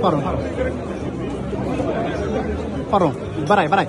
pardon pardon baray baray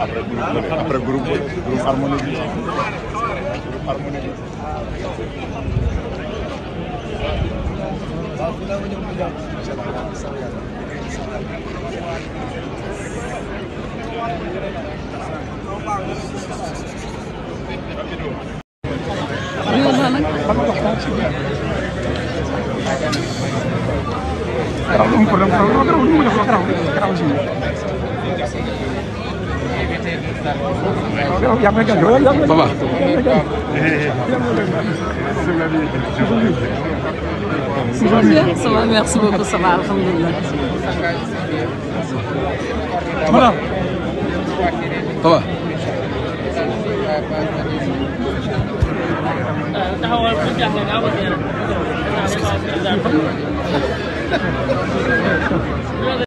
après groupe après groupe groupe harmonie bi groupe harmonie bi. Gracias. Baba. Ça va, merci beaucoup, ça va, alhamdulillah. Madame. Baba. taxawal bu jàngee daa bëgg yàlla.